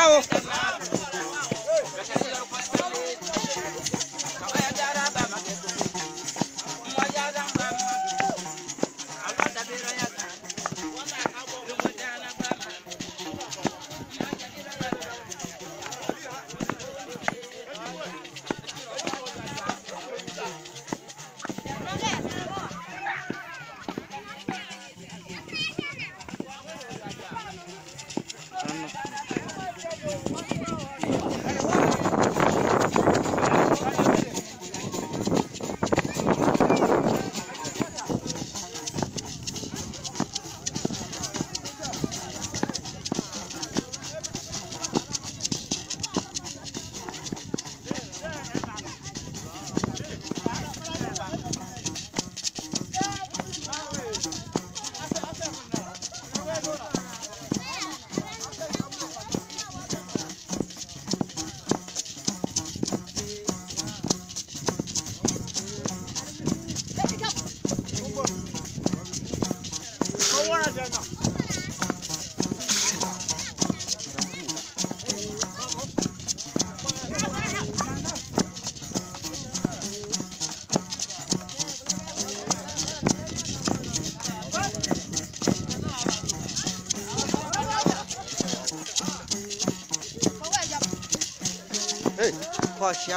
Bravo. 哎，跑鞋。